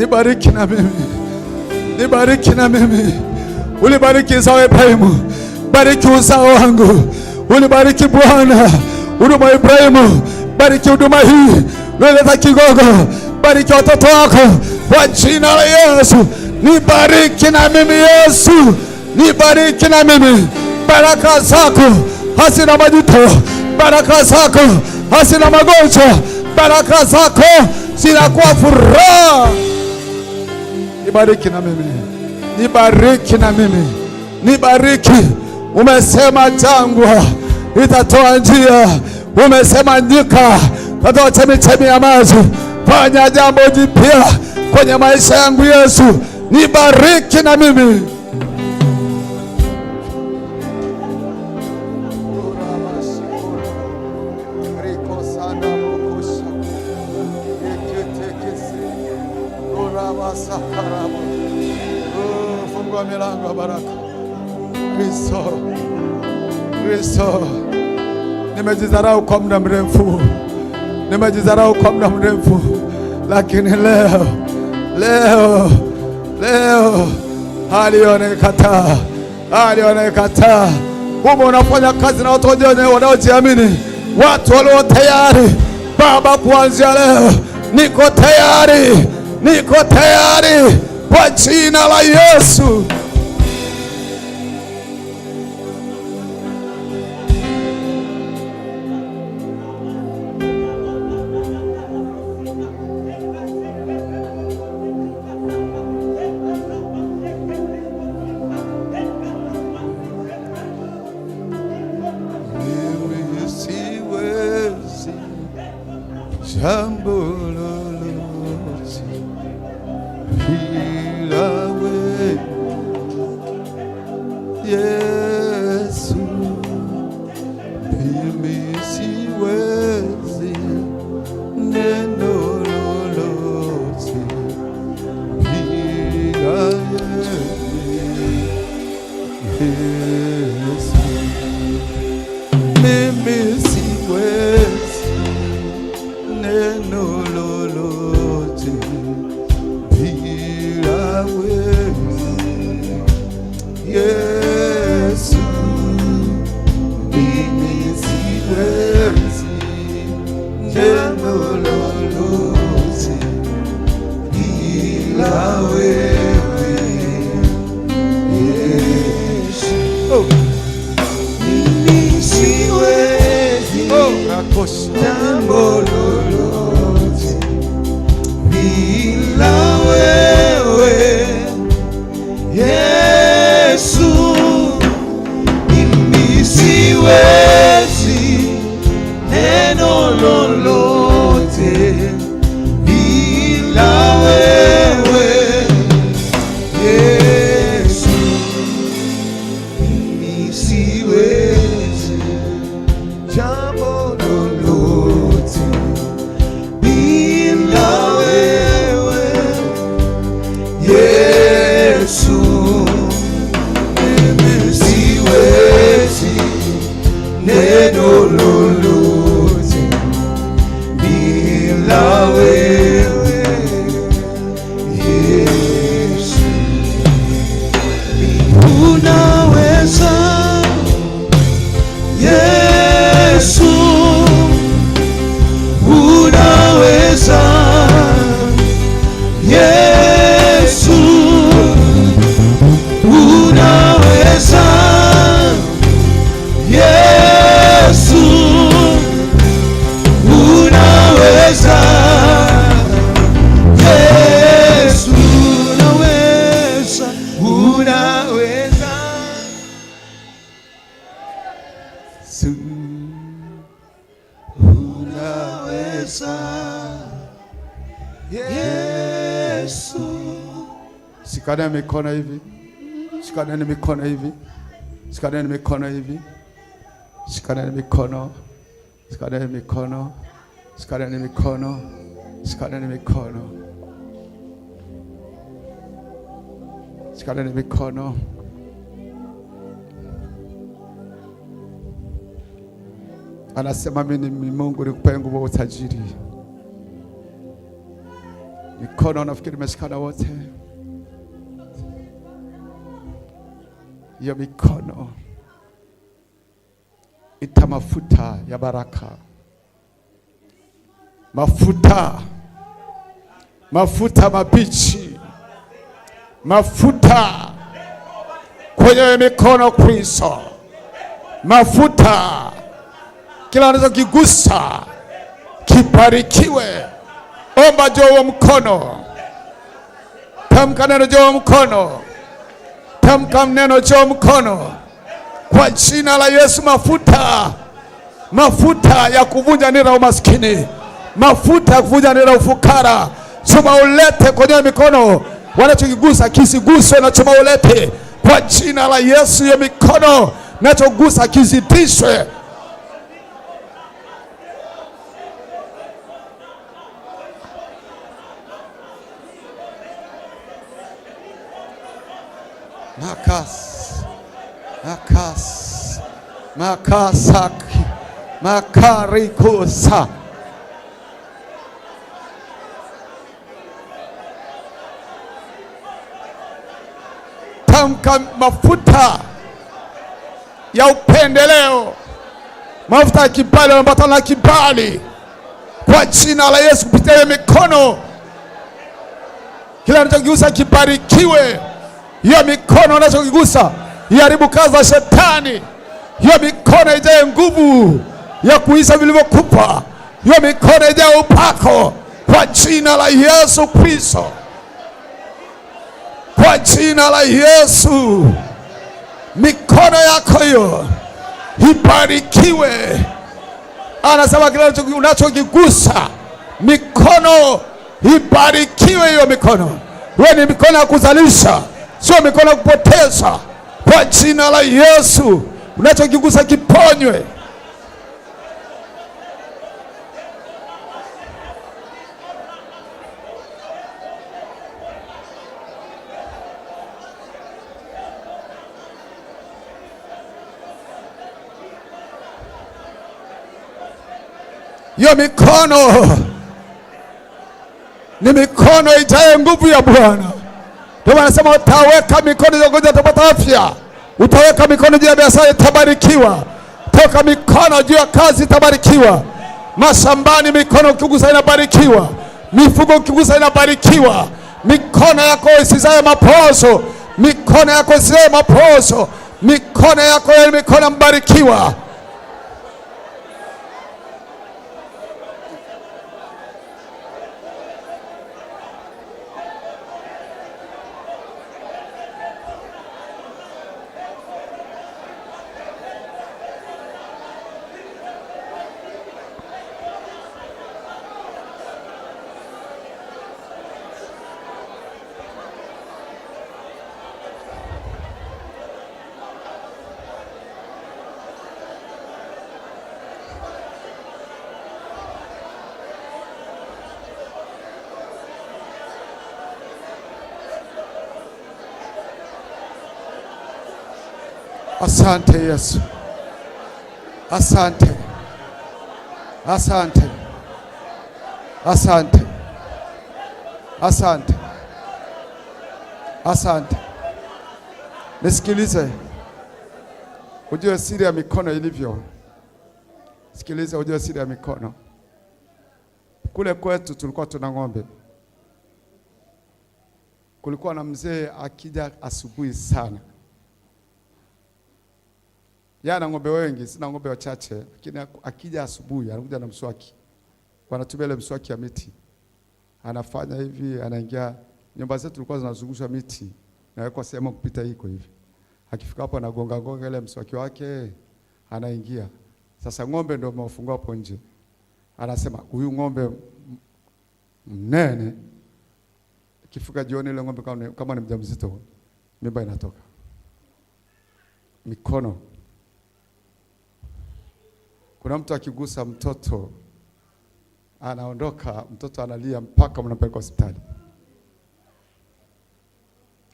nibariki na mimi, nibariki na mimi, ulibariki zao Ibrahimu, bariki uzao wangu, ulibariki Bwana huduma ya Ibrahimu, bariki huduma hii naleta Kigogo, bariki watoto wako kwa jina la Yesu, nibariki na mimi Yesu, nibariki na mimi, baraka zako hasina majuto, baraka zako hasina magonjwa, baraka zako zinakuwa furaha nibariki na mimi, nibariki na mimi, nibariki. Umesema jangwa itatoa njia, umesema nyika tatoa chemichemi ya maji. Fanya jambo jipya kwenye maisha yangu Yesu, nibariki na mimi. Kristo, Kristo, nimejidharau kwa muda mrefu, nimejidharau kwa muda mrefu, lakini leo leo leo hali wanaikataa, hali wanaikataa. Kumbe unafanya kazi na watu wenyewe wanaojiamini, watu walio tayari. Baba, kuanzia leo niko tayari, niko tayari kwa jina la Yesu. He see you. mikono hivi, shikaneni mikono hivi, shikaneni mikono hivi, shikaneni mikono, shikaneni mikono, shikaneni mikono, shikaneni mikono, shikaneni mikono. Anasema mimi ni Mungu nikupe nguvu, utajiri. Mikono nafikiri meshikana wote. ya mikono ita mafuta ya baraka, mafuta mafuta mabichi, mafuta kwenye mikono Kristo, mafuta kila kigusa kibarikiwe. Omba juu mkono, tamka neno juu mkono Tamka mneno choo mkono kwa jina la Yesu. Mafuta, mafuta ya kuvunja nira umaskini, mafuta ya kuvunja nira ufukara, chuma ulete kwenye mikono. Wanachokigusa kisiguswe na chuma ulete kwa jina la Yesu. Hiyo mikono nachogusa kizitishwe Makas, makas, makasaki, makarikusa Tamka mafuta ya upendeleo, mafuta ya kibali, ambatana na kibali kwa jina la Yesu, kupitia mikono, kila anachogeuza kibarikiwe hiyo mikono unachokigusa iharibu kazi za shetani, hiyo mikono ijaye nguvu ya kuisha vilivyokupa, hiyo mikono ijaye upako kwa jina la Yesu Kristo, kwa jina la Yesu. Mikono yako hiyo ibarikiwe, anasema kile unachokigusa mikono ibarikiwe. Hiyo mikono wewe ni mikono ya kuzalisha sio mikono ya kupoteza, kwa jina la Yesu. Unachokigusa kiponywe. Hiyo mikono ni mikono itaye nguvu ya Bwana. Ndio wanasema utaweka mikono juu ya ugonjwa utapata afya, utaweka mikono juu ya biashara itabarikiwa, toka mikono juu ya kazi itabarikiwa, mashambani mikono ukigusa inabarikiwa, mifugo ukigusa inabarikiwa, mikono yako isizae mapozo, mikono yako isizae mapozo, mikono yako ni yaani mikono mbarikiwa. Asante Yesu, asante, asante, asante, asante, asante. Nisikilize ujue siri ya mikono ilivyo. sikilize ujue siri ya mikono. Kule kwetu tulikuwa tuna ng'ombe, kulikuwa na mzee akija asubuhi sana Jana ng'ombe wengi, sina ng'ombe wachache, lakini akija asubuhi anakuja na mswaki, wanatumia ile mswaki ya miti, anafanya hivi, anaingia nyumba zetu tulikuwa zinazungusha miti na yuko sehemu kupita hiko hivi, akifika hapo anagonga gonga ile mswaki wake, anaingia sasa. Ng'ombe ndio amewafungua hapo nje, anasema huyu ng'ombe mnene, ikifika jioni ile ng'ombe kama ni mjamzito, mimba inatoka mikono kuna mtu akigusa mtoto anaondoka, mtoto analia mpaka mnapeleka hospitali.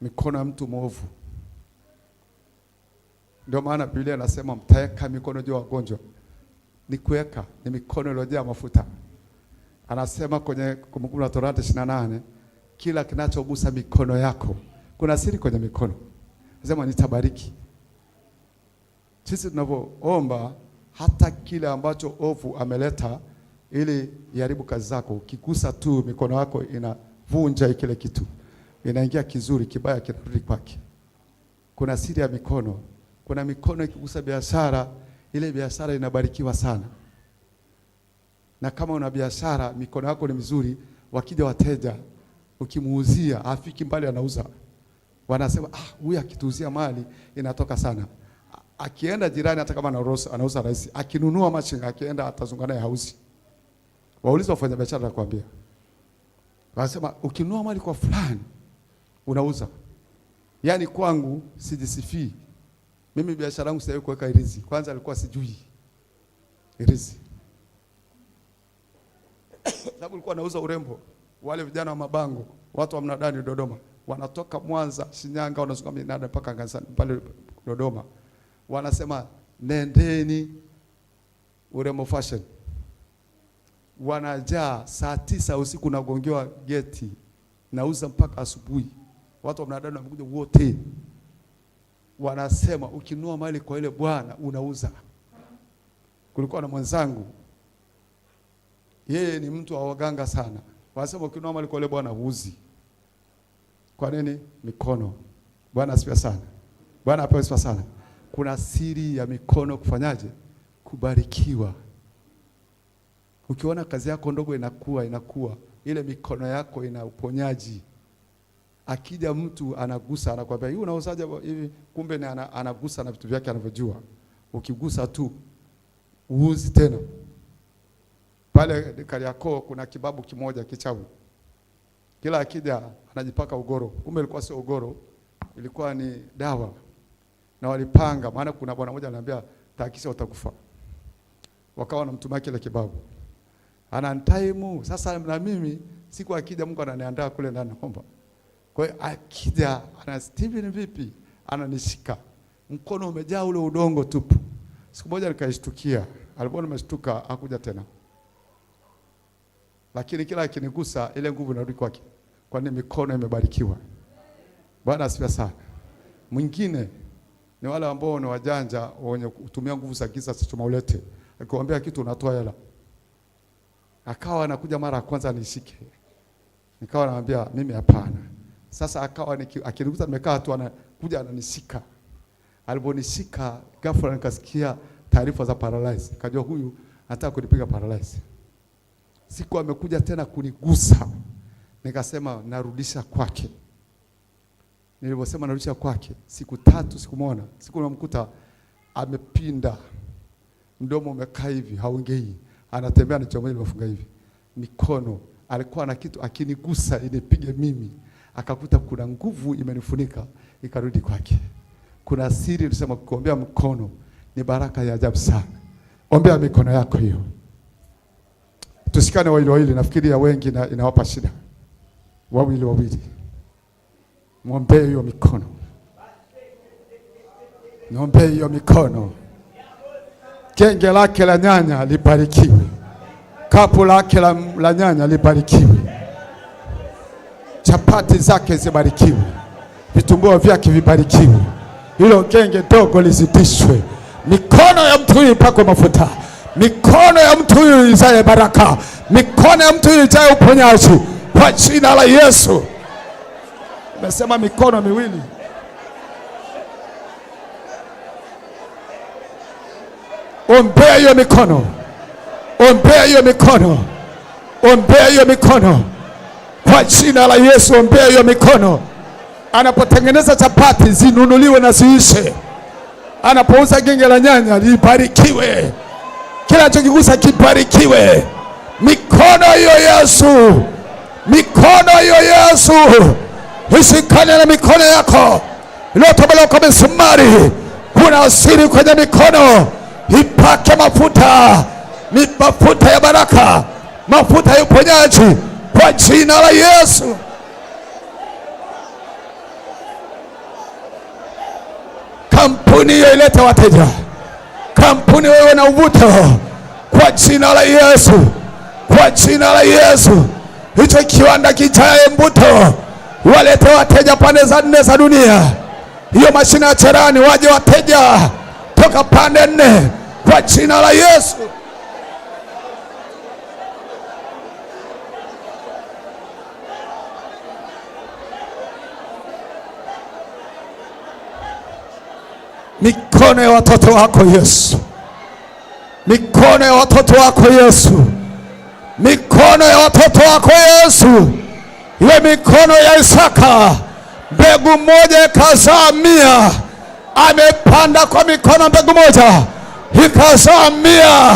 Mikono ya mtu mwovu. Ndio maana Biblia inasema mtaweka mikono juu ya wagonjwa. Ni kuweka ni mikono iliyojaa mafuta. Anasema kwenye Kumbukumbu la Torati ishirini na nane kila kinachogusa mikono yako, kuna siri kwenye mikono, Anasema nitabariki. Sisi tunavyoomba hata kile ambacho ovu ameleta ili iharibu kazi zako, ukigusa tu mikono yako inavunja kile kitu, inaingia kizuri, kibaya kinarudi kwake. Kuna siri ya mikono. Kuna mikono ikigusa biashara, ile biashara inabarikiwa sana. Na kama una biashara, mikono yako ni mizuri, wakija wateja, ukimuuzia afiki mbali, anauza, wanasema ah, huyu akituuzia mali inatoka sana akienda jirani, hata kama anauza rahisi, akinunua machinga, akienda atazungana ya hausi. Waulize wafanya biashara, nakwambia, wanasema ukinunua mali kwa fulani unauza. Yaani kwangu sijisifii mimi, biashara yangu sijai kuweka irizi. Kwanza alikuwa sijui irizi, sababu nilikuwa nauza urembo. Wale vijana wa mabango, watu wa mnadani Dodoma, wanatoka Mwanza, Shinyanga, wanazunguka mnadani mpaka pale Dodoma wanasema nendeni Uremo Fashion, wanajaa saa tisa usiku, nagongewa geti, nauza mpaka asubuhi, watu wa mnadani wamekuja wote, wanasema ukinua mali kwa ile bwana unauza. Kulikuwa na mwenzangu, yeye ni mtu wa waganga sana, wanasema ukinua mali kwa ile bwana huuzi. Kwa nini? Mikono. Bwana asifiwe sana. Bwana apewe sifa sana kuna siri ya mikono kufanyaje? Kubarikiwa. Ukiona kazi yako ndogo inakuwa inakuwa, ile mikono yako ina uponyaji. Akija mtu anagusa, anakwambia hii unaosaja hivi? Kumbe ni ana, anagusa na vitu vyake anavyojua. Ukigusa tu uuzi tena. Pale Kariakoo kuna kibabu kimoja kichawi, kila akija anajipaka ugoro, kumbe ilikuwa sio ugoro, ilikuwa ni dawa na walipanga, maana kuna bwana mmoja ananiambia takisa utakufa, wakawa na mtumaki la kibabu ana time. Sasa na mimi siku akija Mungu ananiandaa kule ndani, naomba kwa hiyo akija, ana Steven vipi, ananishika mkono umejaa ule udongo tupu. Siku moja nikaishtukia, alipoona nimeshtuka hakuja tena, lakini kila akinigusa ile nguvu inarudi kwake, kwani mikono imebarikiwa. Bwana asifiwe sana. Mwingine ni wale ambao ni wajanja wenye kutumia nguvu za giza. Chuma ulete, akiwaambia kitu unatoa hela. Akawa anakuja mara ya kwanza nishike, nikawa namwambia mimi hapana. Sasa akawa akinikuta nimekaa tu, anakuja ananishika. Aliponishika ghafla nikasikia taarifa za paralyze, kajua huyu anataka kunipiga paralyze. Siku amekuja tena kunigusa, nikasema narudisha kwake nilivyosema narudisha kwake, siku tatu sikumwona, siku namkuta amepinda, mdomo umekaa hivi, haongei, anatembea na chombo limefunga hivi, mikono alikuwa na kitu akinigusa inipige mimi, akakuta kuna nguvu imenifunika ikarudi kwake. Kuna siri tunasema kuombea mkono ni baraka ya ajabu sana. Ombea mikono yako hiyo, tusikane wawili wawili, nafikiri ya wengi na inawapa shida, wawili wawili. Mwombee hiyo mikono, mwombee hiyo mikono. Genge lake la nyanya libarikiwe, kapu lake la, la nyanya libarikiwe, chapati zake zibarikiwe, vitumbua vyake vibarikiwe, hilo genge dogo lizidishwe. Mikono ya mtu huyu ipakwe mafuta, mikono ya mtu huyu izae baraka, mikono ya mtu huyu ijae uponyaji kwa jina la Yesu. Mesema mikono miwili. Ombea hiyo mikono, ombea hiyo mikono, ombea hiyo mikono kwa jina la Yesu. Ombea hiyo mikono. Anapotengeneza chapati zinunuliwe na ziishe. Anapouza genge la nyanya libarikiwe, kila chokigusa kibarikiwe. Mikono hiyo Yesu, mikono hiyo Yesu. Usikane na mikono yako iliyotobolewa kwa misumari, kuna asiri kwenye mikono, ipake mafuta, ni mafuta ya baraka, mafuta ya uponyaji kwa jina la Yesu. Kampuni hiyo ilete wateja, kampuni wewe na uvuto kwa jina la Yesu, kwa jina la Yesu. Hicho kiwanda kijae mbuto walete wateja pande za nne za dunia. Hiyo mashina ya cherani waje wateja toka pande nne kwa jina la Yesu. Mikono ya watoto wako Yesu, mikono ya watoto wako Yesu, mikono ya watoto wako Yesu. Ile mikono ya Isaka, mbegu moja ikazaa mia. Amepanda kwa mikono mbegu moja ikazaa mia.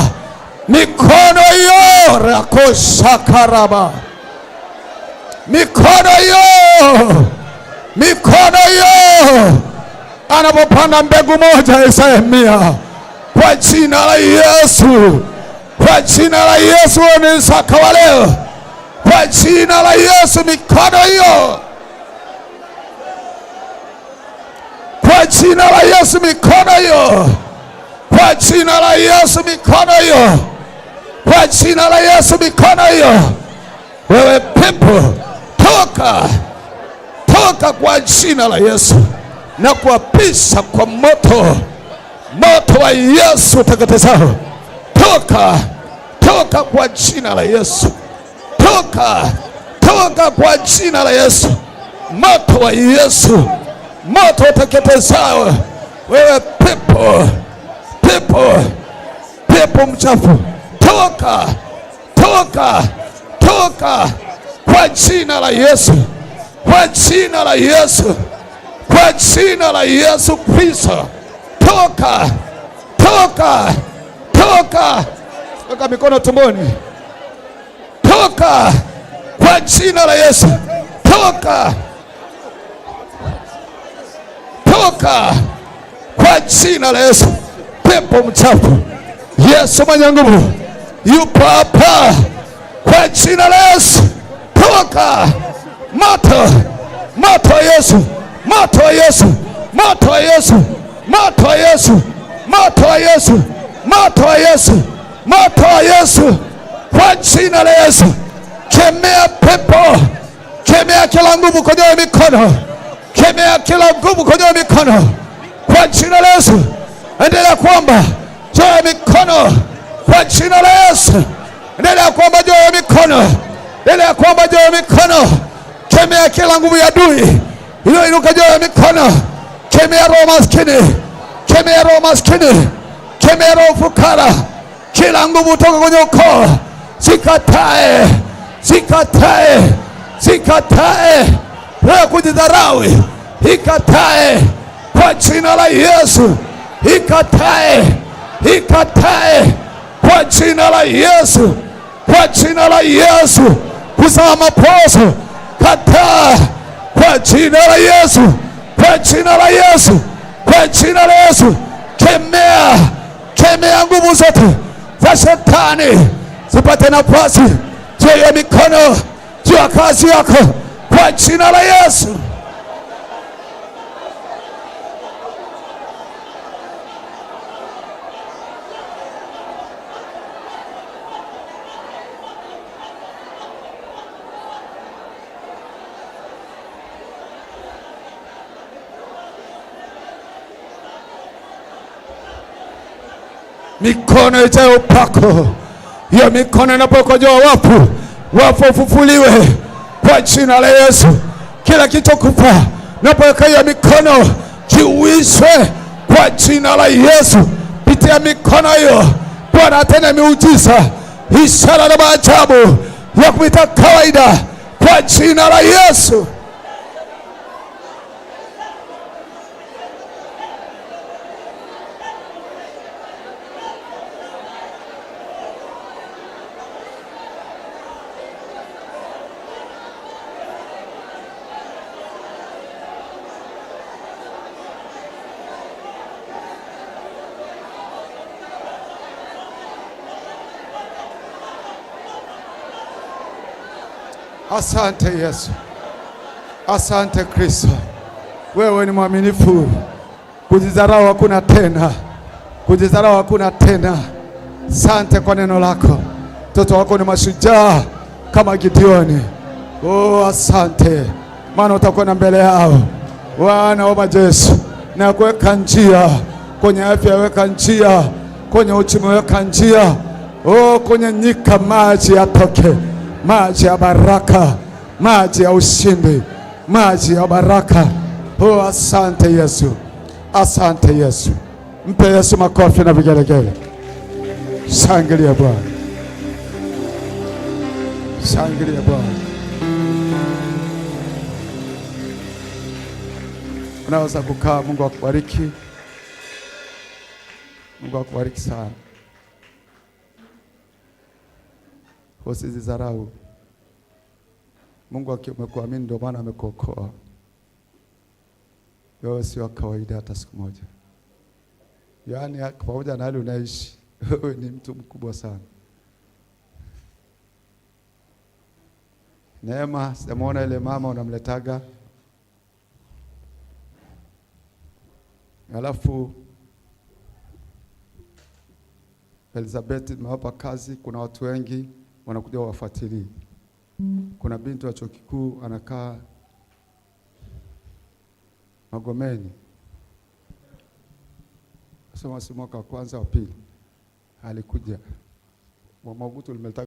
Mikono hiyo rakosakaraba, mikono hiyo, mikono hiyo anapopanda mbegu moja isaya mia, kwa jina la Yesu, kwa jina la Yesu. Ni Isaka wa leo kwa jina la Yesu, mikono hiyo, kwa jina la Yesu, mikono hiyo, kwa jina la Yesu, mikono hiyo, kwa jina la Yesu, mikono hiyo. Wewe pepo toka, toka kwa jina la Yesu na kuapisha kwa moto, moto wa Yesu uteketezao, toka, toka kwa jina la Yesu toka, toka kwa jina la Yesu, moto wa Yesu, moto uteketezao wewe pepo, pepo, pepo mchafu, toka, toka, toka kwa jina la Yesu, kwa jina la Yesu, kwa jina la Yesu Kristo, toka, toka, toka, toka mikono tumboni toka kwa jina la Yesu, toka, toka kwa jina la Yesu. Pepo mchafu, Yesu mwenye nguvu yupo hapa, kwa jina la Yesu, toka! Moto, moto wa Yesu, moto wa Yesu, moto wa Yesu, moto wa Yesu, moto wa Yesu, moto wa Yesu, moto wa Yesu jina la Yesu. Kemea pepo, kemea kila nguvu kwenye mikono, kemea kila nguvu kwenye mikono kwa jina la Yesu. Endelea kuomba juu ya mikono kwa jina la Yesu. Endelea kuomba juu ya mikono, endelea kuomba juu ya mikono. Kemea kila nguvu ya adui iliyoinuka juu ya mikono. Kemea roho maskini, kemea roho maskini, kemea roho fukara, kila nguvu toka kwenye ukoo Sikatae, sikatae, sikatae roho kujidharau, ikatae kwa jina la Yesu, ikatae, ikatae kwa jina la Yesu, kwa jina la Yesu kuzaa mapozo, kataa kwa jina la Yesu, kwa jina la Yesu, kwa jina la Yesu, kemea, kemea nguvu zote za shetani zipate nafasi juu ya mikono, juu ya kazi yako kwa jina la Yesu. Mikono ijayo upako hiyo mikono inapokojoa, wafu wafu ufufuliwe kwa jina la Yesu. Kila kitokufa napoweka hiyo mikono kiuishwe kwa jina la Yesu. Pitia mikono hiyo, Bwana atende miujiza, ishara na maajabu ya kupita kawaida kwa jina la Yesu. Asante Yesu, asante Kristo, wewe ni mwaminifu. Kujidharau hakuna tena, kujidharau hakuna tena. Sante kwa neno lako, mtoto wako ni mashujaa kama Gideoni. Oh, asante, maana utakwenda mbele yao Bwana wa majeshi, na kuweka njia kwenye afya, weka njia kwenye uchumi, weka njia oh, kwenye nyika maji yatoke maji ya baraka, maji ya ushindi, maji ya baraka. Oh, asante Yesu, asante Yesu. Mpe Yesu makofi na vigelegele. Shangilia Bwana, shangilia Bwana. Unaweza kukaa. Mungu akubariki, Mungu akubariki sana. kwa usizidharau. Mungu amekuamini, ndio maana amekuokoa wewe, si wa kawaida hata siku moja. Yaani pamoja na hali unaishi wewe ni mtu mkubwa sana. Neema, sijamwona ile mama unamletaga, alafu Elizabeth, nimewapa kazi, kuna watu wengi wanakuja wafuatilie. Kuna binti wa chuo kikuu anakaa Magomeni, soma si mwaka wa kwanza wa pili, alikuja Mwabutu limetaka